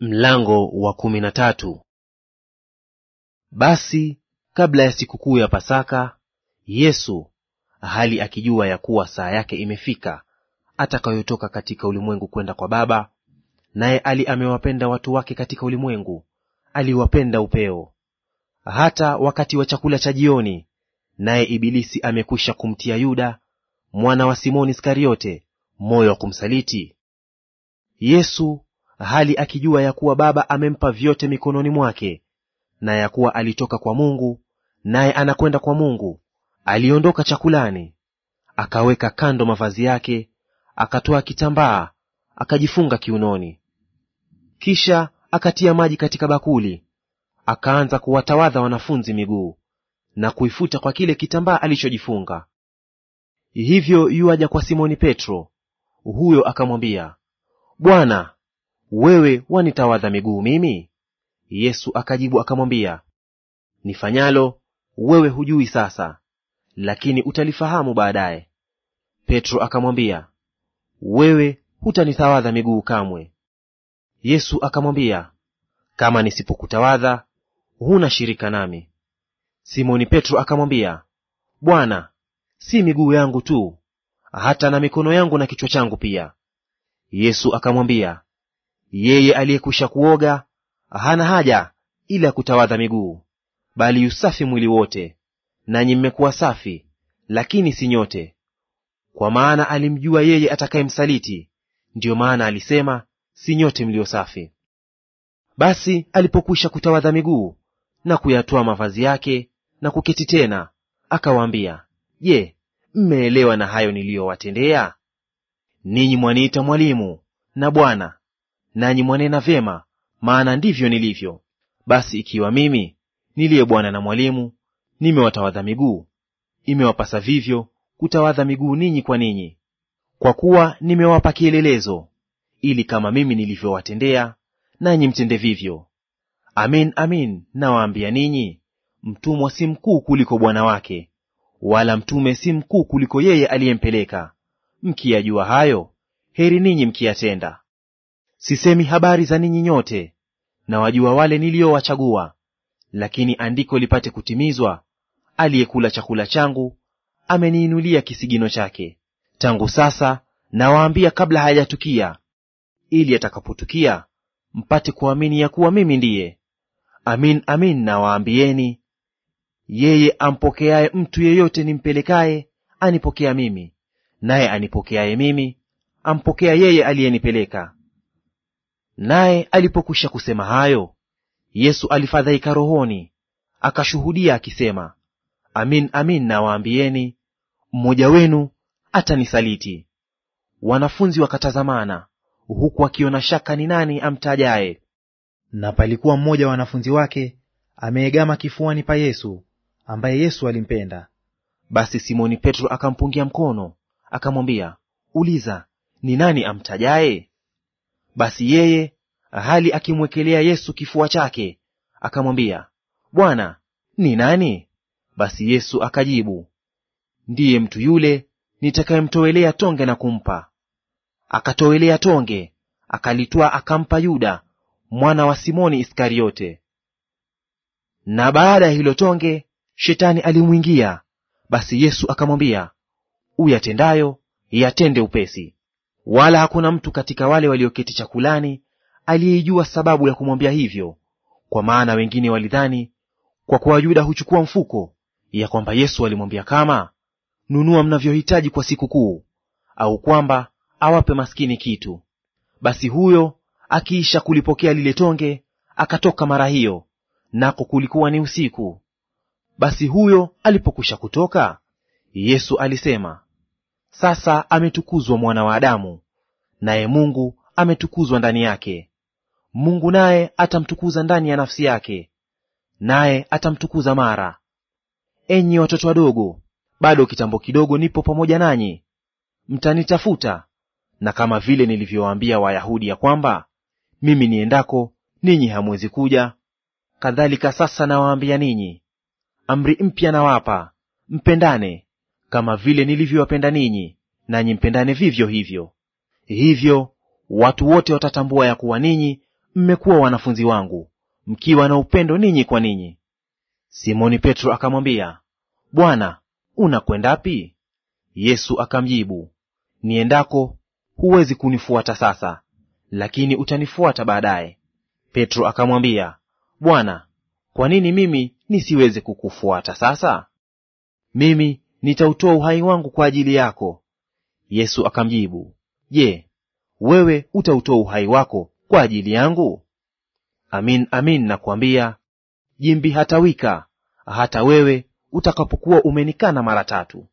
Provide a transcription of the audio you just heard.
Mlango wa kumi na tatu. Basi kabla ya sikukuu ya Pasaka, Yesu hali akijua ya kuwa saa yake imefika atakayotoka katika ulimwengu kwenda kwa Baba, naye ali amewapenda watu wake katika ulimwengu, aliwapenda upeo. Hata wakati wa chakula cha jioni, naye Ibilisi amekwisha kumtia Yuda mwana wa Simoni Iskariote moyo wa kumsaliti Yesu hali akijua ya kuwa Baba amempa vyote mikononi mwake, na ya kuwa alitoka kwa Mungu naye anakwenda kwa Mungu. Aliondoka chakulani, akaweka kando mavazi yake, akatoa kitambaa akajifunga kiunoni. Kisha akatia maji katika bakuli, akaanza kuwatawadha wanafunzi miguu na kuifuta kwa kile kitambaa alichojifunga. Hivyo yuaja kwa Simoni Petro, huyo akamwambia, Bwana, wewe wanitawadha miguu mimi? Yesu akajibu akamwambia, nifanyalo wewe hujui sasa, lakini utalifahamu baadaye. Petro akamwambia, wewe hutanitawadha miguu kamwe. Yesu akamwambia, kama nisipokutawadha huna shirika nami. Simoni Petro akamwambia, Bwana, si miguu yangu tu, hata na mikono yangu na kichwa changu pia. Yesu akamwambia, yeye aliyekwisha kuoga hana haja ila ya kutawadha miguu, bali usafi mwili wote. Nanyi mmekuwa safi, lakini si nyote. Kwa maana alimjua yeye atakayemsaliti, ndiyo maana alisema, si nyote mlio safi. Basi alipokwisha kutawadha miguu na kuyatoa mavazi yake na kuketi tena, akawaambia, Je, mmeelewa na hayo niliyowatendea? Ninyi mwaniita mwalimu na Bwana, nanyi mwanena vyema, maana ndivyo nilivyo. Basi ikiwa mimi niliye bwana na mwalimu nimewatawadha miguu, imewapasa vivyo kutawadha miguu ninyi kwa ninyi. Kwa kuwa nimewapa kielelezo, ili kama mimi nilivyowatendea, nanyi mtende vivyo. Amin, amin, nawaambia ninyi, mtumwa si mkuu kuliko bwana wake, wala mtume si mkuu kuliko yeye aliyempeleka. Mkiyajua hayo, heri ninyi mkiyatenda. Sisemi habari za ninyi nyote, na wajua wale niliowachagua, lakini andiko lipate kutimizwa, aliyekula chakula changu ameniinulia kisigino chake. Tangu sasa nawaambia kabla hayajatukia, ili atakapotukia mpate kuamini ya kuwa mimi ndiye. Amin, amin nawaambieni, yeye ampokeaye mtu yeyote nimpelekaye anipokea mimi, naye anipokeaye mimi ampokea yeye aliyenipeleka. Naye alipokwisha kusema hayo, Yesu alifadhaika rohoni, akashuhudia akisema, Amin, amin nawaambieni, mmoja wenu atanisaliti. Wanafunzi wakatazamana, huku akiona shaka ni nani amtajaye. Na palikuwa mmoja wa wanafunzi wake ameegama kifuani pa Yesu, ambaye Yesu alimpenda. Basi Simoni Petro akampungia mkono, akamwambia, Uliza, ni nani amtajaye? Basi yeye hali akimwekelea Yesu kifua chake, akamwambia, Bwana, ni nani? Basi Yesu akajibu, ndiye mtu yule nitakayemtowelea tonge na kumpa. Akatowelea tonge, akalitwaa, akampa Yuda mwana wa Simoni Iskariote. Na baada ya hilo tonge shetani alimwingia. Basi Yesu akamwambia, uyatendayo yatende upesi. Wala hakuna mtu katika wale walioketi chakulani aliyeijua sababu ya kumwambia hivyo, kwa maana wengine walidhani kwa kuwa Yuda huchukua mfuko, ya kwamba Yesu alimwambia kama nunua mnavyohitaji kwa sikukuu, au kwamba awape maskini kitu. Basi huyo akiisha kulipokea lile tonge akatoka mara hiyo, nako kulikuwa ni usiku. Basi huyo alipokwisha kutoka, Yesu alisema, sasa ametukuzwa mwana wa Adamu, naye Mungu ametukuzwa ndani yake. Mungu naye atamtukuza ndani ya nafsi yake, naye atamtukuza mara. Enyi watoto wadogo, bado kitambo kidogo nipo pamoja nanyi, mtanitafuta. Na kama vile nilivyowaambia Wayahudi ya kwamba mimi niendako ninyi hamwezi kuja, kadhalika sasa nawaambia ninyi. Amri mpya nawapa, mpendane, kama vile nilivyowapenda ninyi, nanyi mpendane vivyo hivyo. Hivyo watu wote watatambua ya kuwa ninyi mmekuwa wanafunzi wangu, mkiwa na upendo ninyi kwa ninyi. Simoni Petro akamwambia, Bwana, unakwendapi? Yesu akamjibu, niendako huwezi kunifuata sasa, lakini utanifuata baadaye. Petro akamwambia, Bwana, kwa nini mimi nisiweze kukufuata sasa? Mimi nitautoa uhai wangu kwa ajili yako. Yesu akamjibu, Je, wewe utautoa uhai wako kwa ajili yangu? Amin, amin nakuambia, jimbi hatawika hata wewe utakapokuwa umenikana mara tatu.